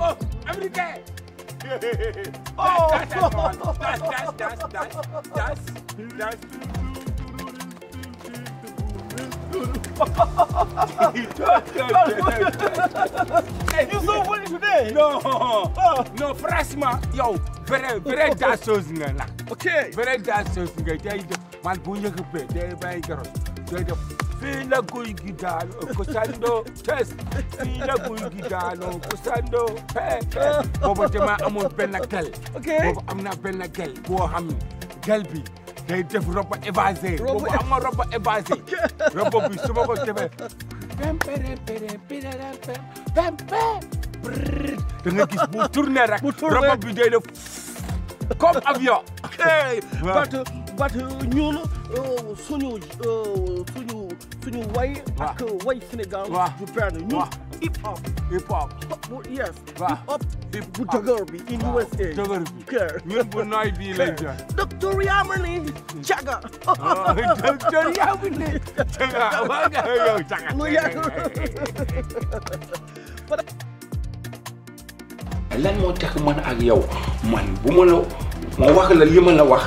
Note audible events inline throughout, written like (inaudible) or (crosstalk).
oh, day. Oh! Das, das, das, das, das, das. you so funny today. No, no, Frasma, yo, very, very dance Okay. Very dance songs, tell you, man, bunye kupe, they buy girls, fii la guy gi daanu ko sando tes fii la guy gi daanu sando boobu dama amoon benn gel boobu am naa benn gel boo xam ne gel bi day def roba évasé boobu am na roba évasé roba bi su ma ko defee da nga gis bu tourné bi day def comme suñu suñu suñu way. ak way Sénégal. du hip hop. hip hop. yes. hip hop bu dëgër bi in USA. dëgër bi kër. ñun bu nooy bii lay jox. docteur Yamani Thiaga. docteur Yamani Thiaga waaw nga yow Thiaga. mu yàgg. lan moo tax man ak yow man bu ma la ma wax la li ma la wax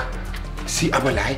si abalaay.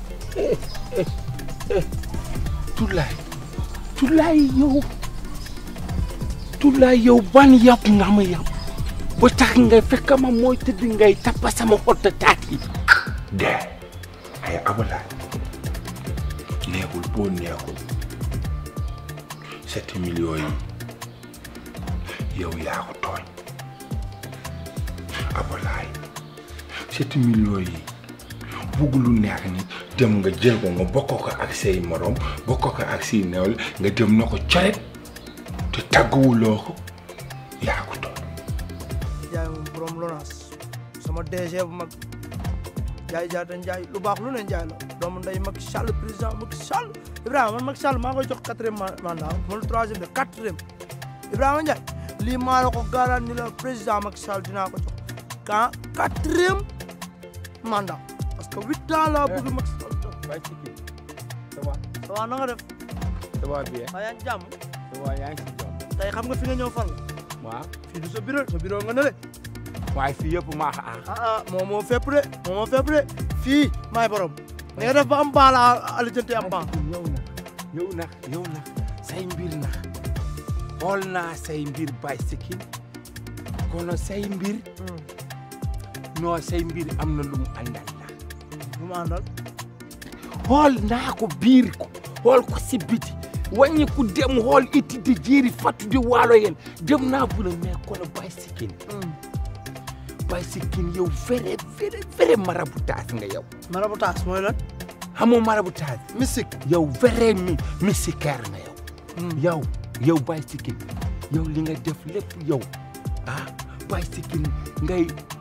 Tulaay Tulaay yow Tulaay yow ban yàpp nga ma yàpp ba tax nga fekk ma mooy tëdd ngay tappa sama xott taat yi. de ay abalaay neexul boo neexul sept millions yi yow yaa ko tooñ abalaay sept millions yi. bëgg lu neex ni dem nga jël ko nga bokk ko ak say morom bokk ko ak say neewal nga dem nako ko coret te tàgguwuloo ko yaa ko toog jaay moom borom lonaas sama DG bu mag jaay jaata njaay lu baax lu ne njaay la doomu nday Macky Sall président Macky Sall Ibrahima man Macky Sall maa koy jox quatrième mandat ma lu troisième de quatrième Ibrahima Ndiaye lii maa la ko garaan ni la président Macky Sall dinaa ko jox quand quatrième mandat Kavitala bugmak salto. Kaç çekeyim? Sabah. Sabah na nga def? Sabah bi. jam. Sabah yaa jam. Tay xam nga fi nga ñëw fan? Waaw. Fi du sa bureau, sa ah. Ah ah, moo moo fépp de, moo moo fépp de. Fii maay borom. Ni nga def ba am baala alijante am baa. Yow na, yow na, yow na. Say mbir na. Xool naa Kono say mbir. Hmm. Non say mbir am na lu bu mu àndal. xool naa ko biir ko xool ko si biti ku dem xool itti di jéeri fàttali waalo yéen dem naa bu la mais kono bay sikkin bay sikkin hmm. yow vrai vrai vrai marabutaas nga yow. marabutaas mooy lan. xamoo marabutaas. mystique yow vrai mi mysticaire nga yow. Hmm. yow yow bay sikkin yow li nga def lépp yow ah sikkin ngay.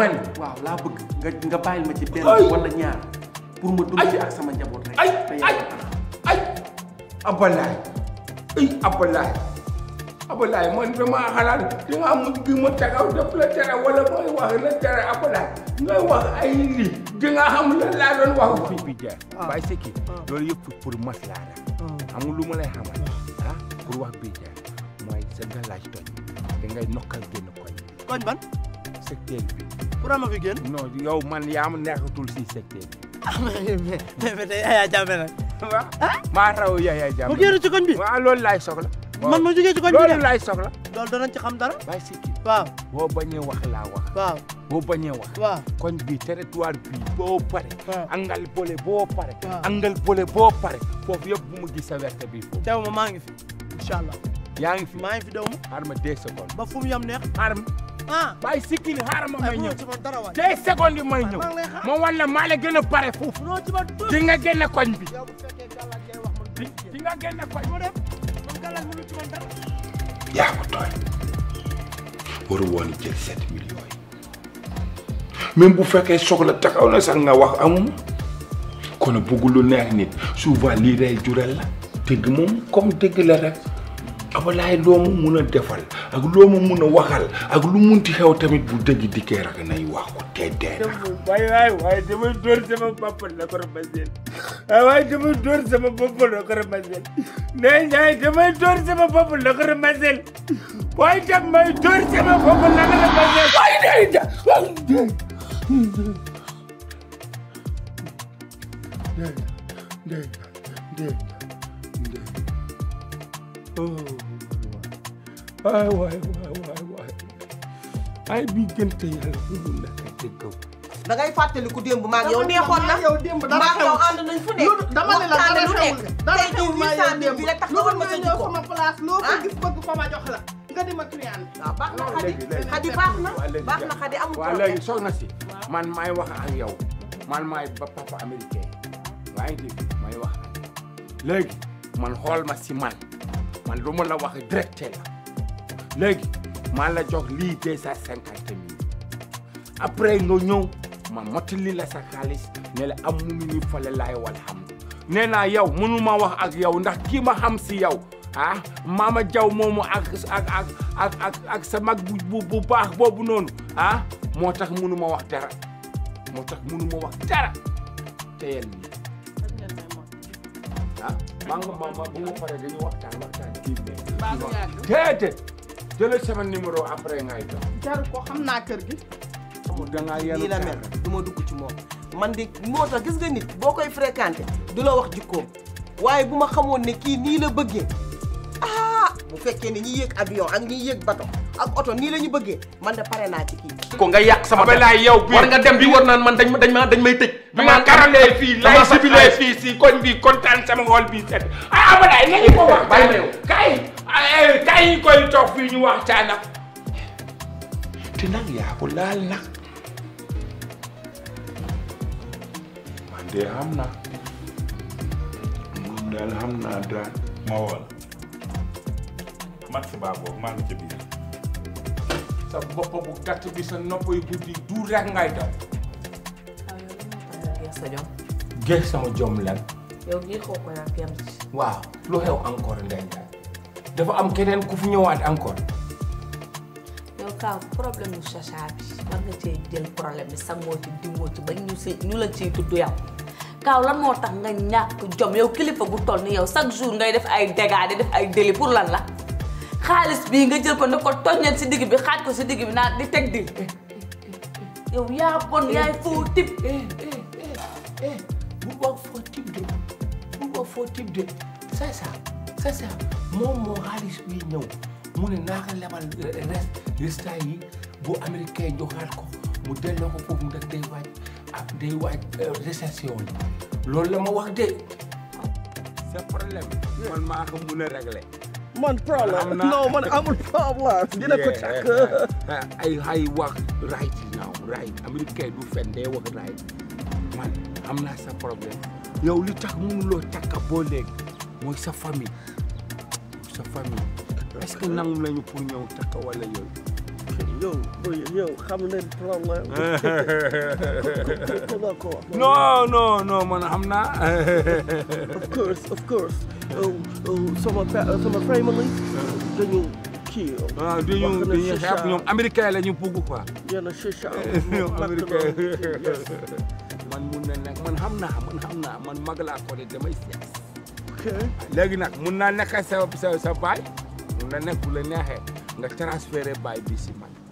man waaw la bëgg nga nga bayil ma ci ben wala ñaar pour ma dund ci ak sama jabot rek ay ay ay abalay ay abalay abalaay man dama xalaat li nga mu bi ma tagaw def la tere wala moy wax la tere abalay ngay wax ay li di nga xam la la doon wax fi bi jaar ah. bay sa ki ah. loolu yëpp pour maslaa la xam ah. lu ma lay xamal ha pour wax bi jaar moy sa galaj toñ da ngay nokkal génn koñ koñ ban secteur bi. pourquoi ma fi génn. non yow man yaa ma nekkatul si secteur bi. ah ma ne mais tey Yaya Jammeh nag. waaw ah? maa raw Yaya Jammeh. mu génn ci koñ bi waaw loolu laay soxla. man ma jógee ci koñ bi loolu laay soxla. loolu danañ ci xam dara. bàyyi si kii waaw. boo bañee wax laa wax. waaw boo bañee wax. waaw koñ bi territoire bi boo pare. angal boole boo pare. angal boole boo pare. foofu yëpp bu mu gis sa werte bi foofu. teew ma maa ngi fi incha allah. yaa ngi fi maa ngi fi dew ma. xaaral ma deux secondes. ba fu mu yam neex xaaral Ah. bàyyi sikki ni xaaral ma may ñëw tey seconde yi may ñëw ma wan maa la gën a pare foofu di nga génne koñ koñ bi. yaa ko tooy waru woon jël sept millions yi même bu fekkee soxla taxaw na sax nga wax amuma kon bëgg neex nit souvent lii day jural la dëgg moom comme dëgg la rek. abalaay loo ma mun defal ak loo ma mun a waxal ak lu munti xew tamit bu dëgg dikkee rek nay wax ko tey dee na. waaye waaye waaye sama bopp la ko ramaseen waaye damay dor sama bopp la ko ramaseen nee naa damay door sama bopp la ko ramaseen waaye tam may door sama bopp la ko ramaseen waaye day da day day day day Oh, waay waay waay waay ay na yow démb dara xew yow ànd nañ fu nekk dama ma bi la tax nga war ma sa ñëw sama place loo ah. ah, baax na xadi xadi baax na baax na xadi amul waaw léegi soxna si man maay wax ak yow man maay ba papa américain maa ngi dégg wax ak léegi man xool ma si man man lu ma la wax direct la léegi maa la jox lii deux sa cinquante mille après nga ñëw ma mottali la sa xaalis ne la am mu ngi fale laay walhamdu nee naa yow mënu ma wax ak yow ndax kii ma xam si yow ah maama jaw moomu ak sa mag bu bu baax boobu noonu ah moo tax mënu ma wax dara moo tax mënu ma wax dara teyel nii Je le ngi ko numéro après ngay jox. ko da mel dugg ci man de moo gis nga nit fréquenté ah bu ñi avion ak ñi bato ak man sama. war nga dem bi war naan man bi nga karandee fii lay sibilee si koñ bi kontaan sama xol bi set ah abadaay nañu ko wax bàyyi yow kay eh, kay koy toog fii ñu waxtaan nag te nag yaa ko laal nag man de xam naa moom daal xam naa daal ma woon match baa boobu ci biir sa bopp bu gàtt bi sa nopp yu guddi rek ngay daw sa jom. geex sama jom lan. yow geexoo ko waaw lu xew encore Ndeye dafa am keneen ku fi ñëwaat encore. yow Kaaw problème mu Chacha bi war nga cee jël problème bi sangoo ci diwoo ci si ñu la ciy tudd yow Kaaw lan moo tax nga ñàkk jom yow kilifa bu toll ni yow chaque jour ngay def ay dégâts def ay délits pour lan la xaalis bii nga jël ko ne ko si digg bi xaaj ko si digg bi naa di teg di yow yaa bon yaay foo tip hey, we work for tip de we work for tip de c'est ça c'est moom moo xaalis bi ñëw mu ne naa ko lebal eh, reste resta yi bu américain yi joxaat mu delloo ko foofu mu def day waaj ak day waaj eh, récession yi loolu la ma wax de sa problème man maa ko mun a régler man problème non man amul problème (laughs) dina ko takk ay wax right now right américain du fen day wax right am naa sa problème yow li tax mënuloo takka boo léegi mooy sa famille sa famille est-ce que nangu nañu pour ñëw takka wala yooyu. yow yow xam nañ problème. (laughs) non non non man xam naa. of course of course. Oh, oh, sama sama famille. dañu kii. waaw ah, dañu dañuy xeeb ñoom américain la ñu bugg quoi. yéen a chicha. (laughs) ñoom américain man mun na mun hamna man magala ko de mai siyas legi nak mun na naka sa sa bay mun na nak bu la nexe nga transférer bay bi ci man